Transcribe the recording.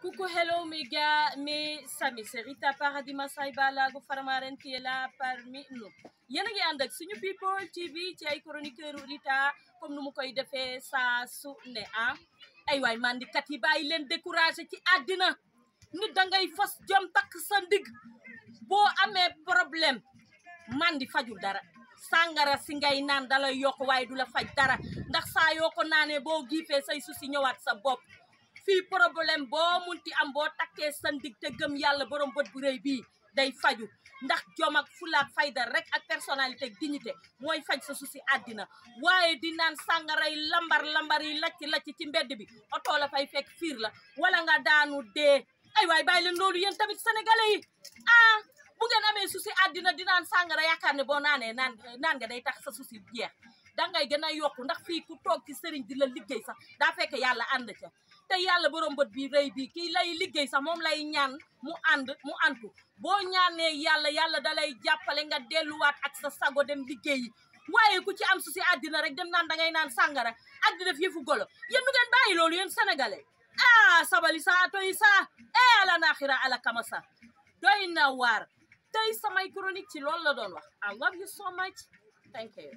Coucou, hello mes gars, mes amis, c'est Rita Paradis Masai Balago ren qui e la là parmi nous. Yéen a ngi ànd ak suñu People TV ci ay chroniqueur Rita comme nu mu koy defee saa su ne ah ay waay mandikat yi bàyyi leen découragé ci àddina nit da ngay fas jom takk sa ndig boo amee problème mandi fajul dara sàngara si ngay naan dala yokk waaye du la faj dara ndax saa yoo ko naanee boo giifee say su si ñëwaat sa bopp fii problème boo munti am boo takkee sa ndig te gëm yàlla borom bët bu rëy bii day faju ndax jom ak fulaak fayda rek ak personnalité ak dignité mooy faj sa souci àddina waaye di naan sàngaray lambar lambar yi lacc lacc ci mbedd bi oto la fay fekk fiir la wala nga daanu dee ay waay bàyyi leen loolu yéen tamit sénégalais yi ah ngeen amee souci àddina di naan sàngara yaakaar ne boo naanee naan naan nga day tax sa suusi jeex dangay gën a yokku ndax fii ku toog ci sëriñ di la liggéey sax daa fekk yàlla ànd ca te yàlla borom bët bi rëy bi kii lay liggéey sax moom lay ñaan mu ànd mu antu boo ñaanee yàlla yàlla da lay jàppale nga delluwaat ak sa sago dem liggéey waaye ku ci am su si àddina rek dem naan da ngay naan sàngara ak di golo yéen nu ngeen bàyyi loolu yéen sénégalais ah sabali sa toy sa e ala naaxira ala kama sa doy na waar tey samay chronique ci loolu la doon wax I love you so much